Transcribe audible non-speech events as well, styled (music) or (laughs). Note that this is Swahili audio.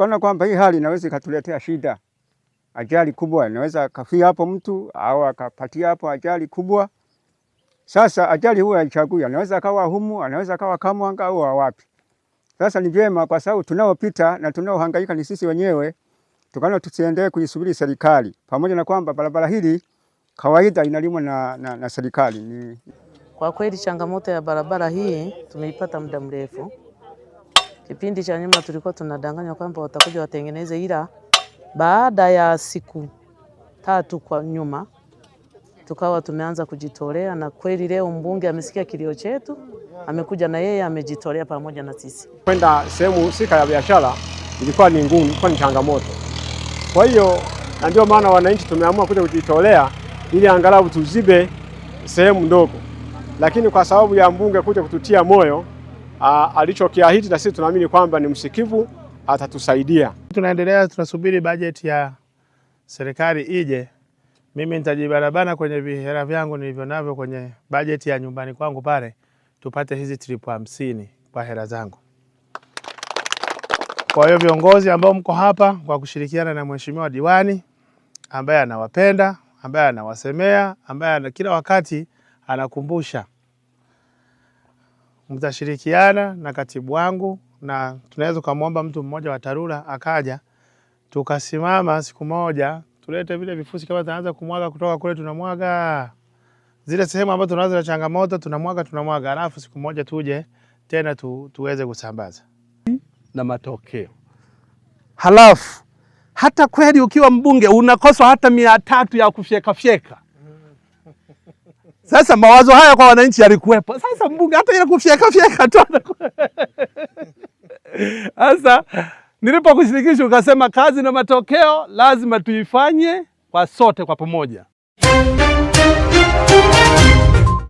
tukaona kwamba hii hali inaweza ikatuletea shida, ajali kubwa, inaweza akafia hapo mtu au akapatia hapo ajali kubwa. Sasa ajali huwa haichagui, anaweza akawa humu, anaweza akawa Kamwanga au wapi. Sasa ni vyema, kwa sababu tunaopita na tunaohangaika ni sisi wenyewe, tukana tusiendelee kuisubiri serikali, pamoja na kwamba barabara hili kawaida inalimwa na, na, na serikali ni... Kwa kweli changamoto ya barabara hii tumeipata muda mrefu Kipindi cha nyuma tulikuwa tunadanganywa kwamba watakuja watengeneze, ila baada ya siku tatu kwa nyuma tukawa tumeanza kujitolea, na kweli leo mbunge amesikia kilio chetu, amekuja na yeye amejitolea pamoja na sisi. Kwenda sehemu husika ya biashara ilikuwa ni ngumu, ilikuwa ni changamoto. Kwa hiyo na ndio maana wananchi tumeamua kuja kujitolea ili angalau tuzibe sehemu ndogo, lakini kwa sababu ya mbunge kuja kututia moyo Ah, alichokiahidi, na sisi tunaamini kwamba ni msikivu, atatusaidia. Tunaendelea, tunasubiri bajeti ya serikali ije. Mimi nitajibarabana kwenye vihera vyangu nilivyo navyo kwenye bajeti ya nyumbani kwangu pale, tupate hizi tripu hamsini kwa hela zangu. Kwa hiyo viongozi ambao mko hapa kwa kushirikiana na mheshimiwa diwani ambaye anawapenda, ambaye anawasemea, ambaye kila wakati anakumbusha mtashirikiana na katibu wangu na tunaweza ukamwomba mtu mmoja wa TARURA akaja tukasimama siku moja tulete vile vifusi kama tunaanza kumwaga kutoka kule, tunamwaga zile sehemu ambazo tunaanza na changamoto, tunamwaga tunamwaga, alafu siku moja tuje tena tu, tuweze kusambaza na matokeo. Halafu hata kweli ukiwa mbunge unakoswa hata mia tatu ya kufyeka fyeka. Sasa mawazo haya kwa wananchi yalikuwepo. Sasa mbunge hata ile kufyeka fyeka tu. (laughs) Sasa nilipokushirikisha ukasema kazi na matokeo lazima tuifanye kwa sote kwa pamoja.